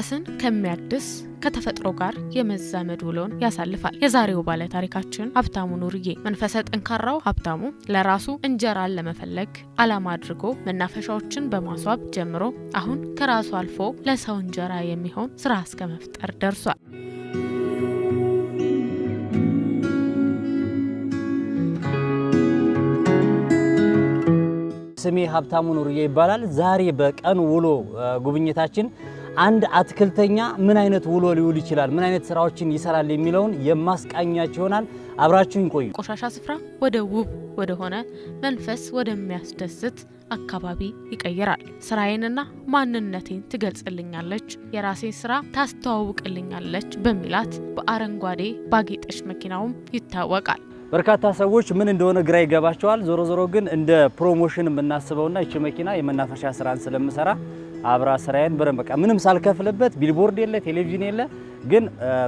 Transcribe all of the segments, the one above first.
ራስን ከሚያድስ ከተፈጥሮ ጋር የመዛመድ ውሎን ያሳልፋል። የዛሬው ባለ ታሪካችን ሀብታሙ ኑርዬ። መንፈሰ ጠንካራው ሀብታሙ ለራሱ እንጀራን ለመፈለግ አላማ አድርጎ መናፈሻዎችን በማስዋብ ጀምሮ አሁን ከራሱ አልፎ ለሰው እንጀራ የሚሆን ስራ እስከ መፍጠር ደርሷል። ስሜ ሀብታሙ ኑርዬ ይባላል። ዛሬ በቀን ውሎ ጉብኝታችን አንድ አትክልተኛ ምን አይነት ውሎ ሊውል ይችላል፣ ምን አይነት ስራዎችን ይሰራል የሚለውን የማስቃኛችሁ ይሆናል። አብራችሁን ቆዩ። ቆሻሻ ስፍራ ወደ ውብ ወደሆነ መንፈስ ወደሚያስደስት አካባቢ ይቀይራል። ስራዬንና ማንነቴን ትገልጽልኛለች፣ የራሴን ስራ ታስተዋውቅልኛለች በሚላት በአረንጓዴ ባጌጠች መኪናውም ይታወቃል። በርካታ ሰዎች ምን እንደሆነ ግራ ይገባቸዋል። ዞሮ ዞሮ ግን እንደ ፕሮሞሽን የምናስበውና ይቺ መኪና የመናፈሻ ስራን ስለምሰራ አብራ ስራዬን በደንብ በቃ ምንም ሳልከፍልበት ቢልቦርድ የለ ቴሌቪዥን የለ፣ ግን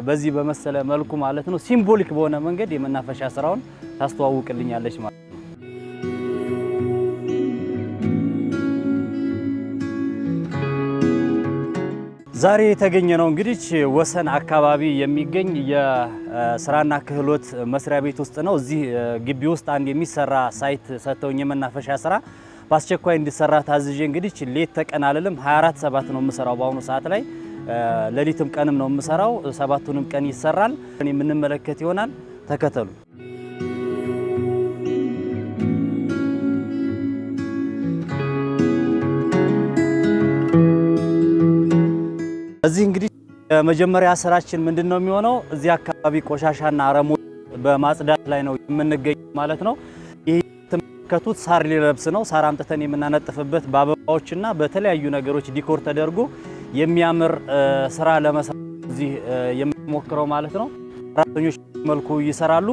በዚህ በመሰለ መልኩ ማለት ነው ሲምቦሊክ በሆነ መንገድ የመናፈሻ ስራውን ታስተዋውቅልኛለች ማለት ነው። ዛሬ የተገኘ ነው እንግዲህ ወሰን አካባቢ የሚገኝ የስራና ክህሎት መስሪያ ቤት ውስጥ ነው። እዚህ ግቢ ውስጥ አንድ የሚሰራ ሳይት ሰጥተውኝ የመናፈሻ ስራ በአስቸኳይ እንዲሰራ ታዝዤ እንግዲህ ሌት ተቀን አልልም 24 ሰባት ነው የምሰራው በአሁኑ ሰዓት ላይ ሌሊትም ቀንም ነው የምሰራው። ሰባቱንም ቀን ይሰራል የምንመለከት ይሆናል። ተከተሉ። እዚህ እንግዲህ የመጀመሪያ ስራችን ምንድን ነው የሚሆነው? እዚህ አካባቢ ቆሻሻና አረሙ በማጽዳት ላይ ነው የምንገኝ ማለት ነው። እንደምትመለከቱት ሳር ሊለብስ ነው። ሳር አምጥተን የምናነጥፍበት በአበባዎችና በተለያዩ ነገሮች ዲኮር ተደርጎ የሚያምር ስራ ለመስራት እዚህ ማለት ነው። ሰራተኞች መልኩ ይሰራሉ።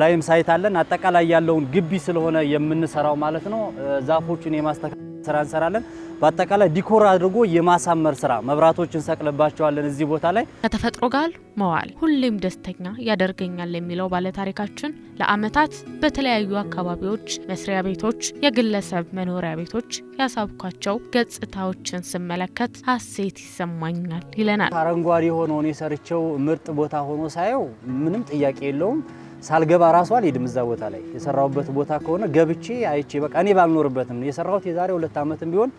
ላይም ሳይት አለን። አጠቃላይ ያለውን ግቢ ስለሆነ የምንሰራው ማለት ነው። ዛፎቹን የማስተካከል ስራ እንሰራለን። በአጠቃላይ ዲኮር አድርጎ የማሳመር ስራ መብራቶች እንሰቅልባቸዋለን። እዚህ ቦታ ላይ ከተፈጥሮ ጋር መዋል ሁሌም ደስተኛ ያደርገኛል የሚለው ባለታሪካችን ለአመታት በተለያዩ አካባቢዎች መስሪያ ቤቶች፣ የግለሰብ መኖሪያ ቤቶች ያሳብኳቸው ገጽታዎችን ስመለከት ሀሴት ይሰማኛል ይለናል። አረንጓዴ የሆነውን የሰርቸው ምርጥ ቦታ ሆኖ ሳየው ምንም ጥያቄ የለውም። ሳልገባ ራሱ አልሄድም። እዛ ቦታ ላይ የሰራሁበት ቦታ ከሆነ ገብቼ አይቼ በቃ እኔ ባልኖርበትም የሰራሁት የዛሬ ሁለት ዓመትም ቢሆን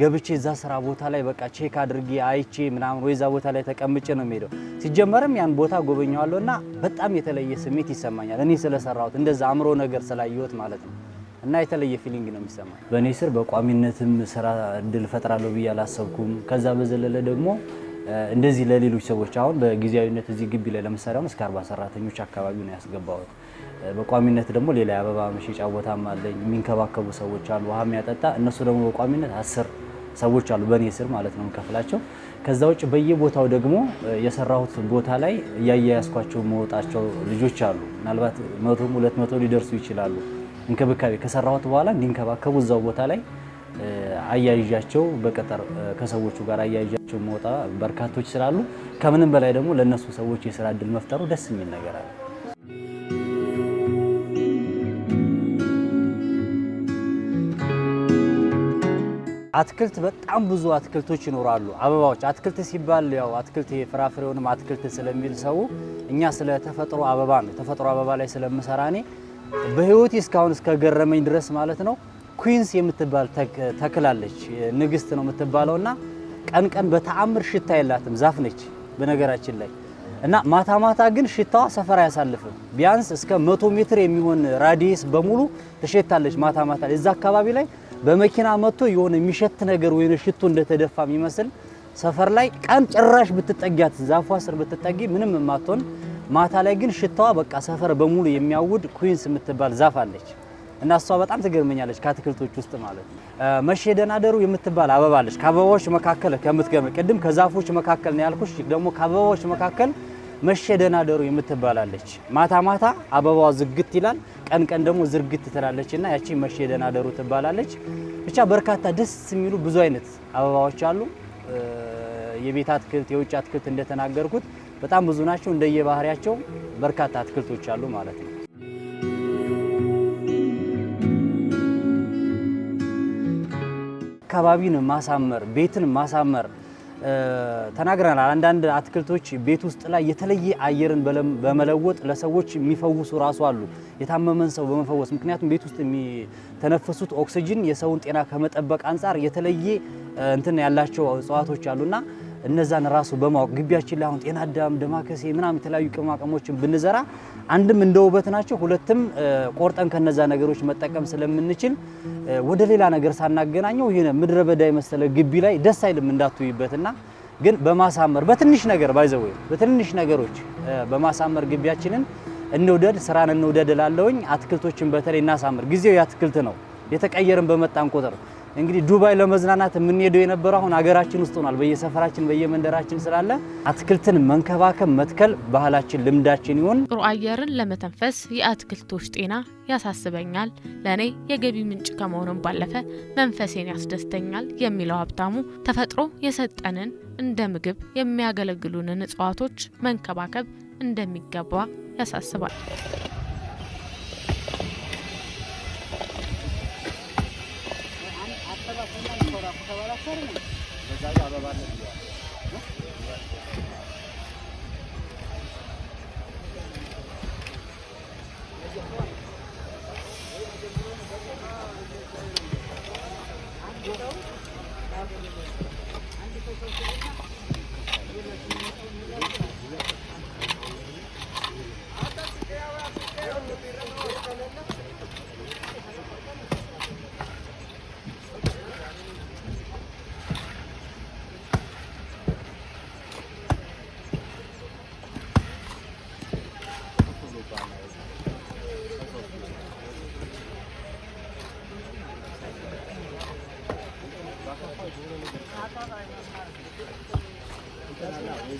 ገብቼ እዛ ስራ ቦታ ላይ በቃ ቼክ አድርጌ አይቼ ምናምን ወይ እዛ ቦታ ላይ ተቀምጬ ነው የሚሄደው። ሲጀመርም ያን ቦታ ጎበኘዋለሁ እና በጣም የተለየ ስሜት ይሰማኛል። እኔ ስለሰራሁት እንደዛ አእምሮ ነገር ስላየሁት ማለት ነው እና የተለየ ፊሊንግ ነው የሚሰማኝ። በእኔ ስር በቋሚነትም ስራ እድል ፈጥራለሁ ብዬ አላሰብኩም። ከዛ በዘለለ ደግሞ እንደዚህ ለሌሎች ሰዎች አሁን በጊዜያዊነት እዚህ ግቢ ላይ ለምሳሌ አሁን እስከ አርባ ሰራተኞች አካባቢ ነው ያስገባሁት። በቋሚነት ደግሞ ሌላ የአበባ መሸጫ ቦታም አለኝ። የሚንከባከቡ ሰዎች አሉ፣ ውሃ የሚያጠጣ እነሱ ደግሞ በቋሚነት አስር ሰዎች አሉ በእኔ ስር ማለት ነው የምከፍላቸው። ከዛ ውጭ በየቦታው ደግሞ የሰራሁት ቦታ ላይ እያያያዝኳቸው መወጣቸው ልጆች አሉ። ምናልባት መቶም ሁለት መቶ ሊደርሱ ይችላሉ። እንክብካቤ ከሰራሁት በኋላ እንዲንከባከቡ እዛው ቦታ ላይ አያይዣቸው በቀጠር ከሰዎቹ ጋር አያይዣቸው መወጣ በርካቶች ስላሉ ከምንም በላይ ደግሞ ለእነሱ ሰዎች የስራ እድል መፍጠሩ ደስ የሚል ነገር አለ። አትክልት በጣም ብዙ አትክልቶች ይኖራሉ። አበባዎች አትክልት ሲባል ያው አትክልት የፍራፍሬውንም አትክልት ስለሚል ሰው እኛ ስለ ተፈጥሮ አበባ ነው ተፈጥሮ አበባ ላይ ስለምሰራ እኔ በህይወቴ እስካሁን እስከገረመኝ ድረስ ማለት ነው ኩዊንስ የምትባል ተክላለች ንግስት ነው የምትባለው እና ቀን ቀን በተአምር ሽታ የላትም ዛፍ ነች በነገራችን ላይ እና ማታ ማታ ግን ሽታዋ ሰፈር አያሳልፍም። ቢያንስ እስከ መቶ ሜትር የሚሆን ራዲየስ በሙሉ ትሸታለች ማታ ማታ እዛ አካባቢ ላይ በመኪና መጥቶ የሆነ የሚሸት ነገር ወይ ሽቶ እንደተደፋ የሚመስል ሰፈር ላይ ቀን ጭራሽ ብትጠጊያት ዛፏ ስር ብትጠጊ ምንም የማትሆን ማታ ላይ ግን ሽታዋ በቃ ሰፈር በሙሉ የሚያውድ ኩዊንስ የምትባል ዛፍ አለች እና እሷ በጣም ትገርመኛለች ከአትክልቶች ውስጥ ማለት ነው። መሼ ደናደሩ የምትባል አበባ አለች። ከአበባዎች መካከል ከምትገመ ቅድም ከዛፎች መካከል ነው ያልኩሽ፣ ደግሞ ከአበባዎች መካከል መሼ ደናደሩ የምትባላለች። ማታ ማታ አበባዋ ዝግት ይላል። ቀን ቀን ደግሞ ዝርግት ትላለች እና ያቺ መቼ ደህና ደሩ ትባላለች። ብቻ በርካታ ደስ የሚሉ ብዙ አይነት አበባዎች አሉ። የቤት አትክልት፣ የውጭ አትክልት እንደተናገርኩት በጣም ብዙ ናቸው። እንደየባህሪያቸው በርካታ አትክልቶች አሉ ማለት ነው። አካባቢን ማሳመር፣ ቤትን ማሳመር ተናግረናል። አንዳንድ አትክልቶች ቤት ውስጥ ላይ የተለየ አየርን በመለወጥ ለሰዎች የሚፈውሱ ራሱ አሉ፣ የታመመን ሰው በመፈወስ ምክንያቱም ቤት ውስጥ የሚተነፈሱት ኦክሲጅን የሰውን ጤና ከመጠበቅ አንጻር የተለየ እንትን ያላቸው እጽዋቶች አሉና እነዛን ራሱ በማወቅ ግቢያችን ላይ አሁን ጤና አዳም፣ ደማከሴ ምናምን የተለያዩ ቅመማ ብንዘራ አንድም እንደ ውበት ናቸው፣ ሁለትም ቆርጠን ከነዛ ነገሮች መጠቀም ስለምንችል ወደ ሌላ ነገር ሳናገናኘው ይሄ ምድረ በዳ የመሰለ ግቢ ላይ ደስ አይልም እንዳትዩበትና ግን በማሳመር በትንሽ ነገር ባይዘው በትንሽ ነገሮች በማሳመር ግቢያችንን እንውደድ፣ ስራን እንውደድ እላለሁኝ። አትክልቶችን በተለይ እናሳምር። ጊዜው የአትክልት ነው። የተቀየርን በመጣን ቁጥር እንግዲህ ዱባይ ለመዝናናት የምንሄደው የነበረው አሁን ሀገራችን ውስጥ ሆኗል። በየሰፈራችን በየመንደራችን ስላለ አትክልትን መንከባከብ መትከል ባህላችን፣ ልምዳችን ይሁን። ጥሩ አየርን ለመተንፈስ የአትክልቶች ጤና ያሳስበኛል። ለእኔ የገቢ ምንጭ ከመሆኑም ባለፈ መንፈሴን ያስደስተኛል የሚለው ሀብታሙ ተፈጥሮ የሰጠንን እንደ ምግብ የሚያገለግሉንን እጽዋቶች መንከባከብ እንደሚገባ ያሳስባል። ሰራ ከተባላ ሰርም ለዛ ያበባለ ነው።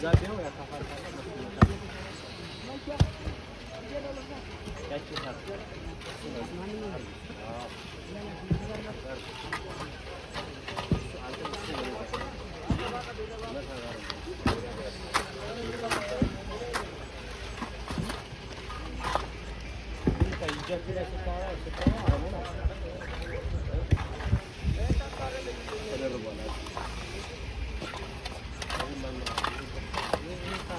Yiyecek bir ekip daha var.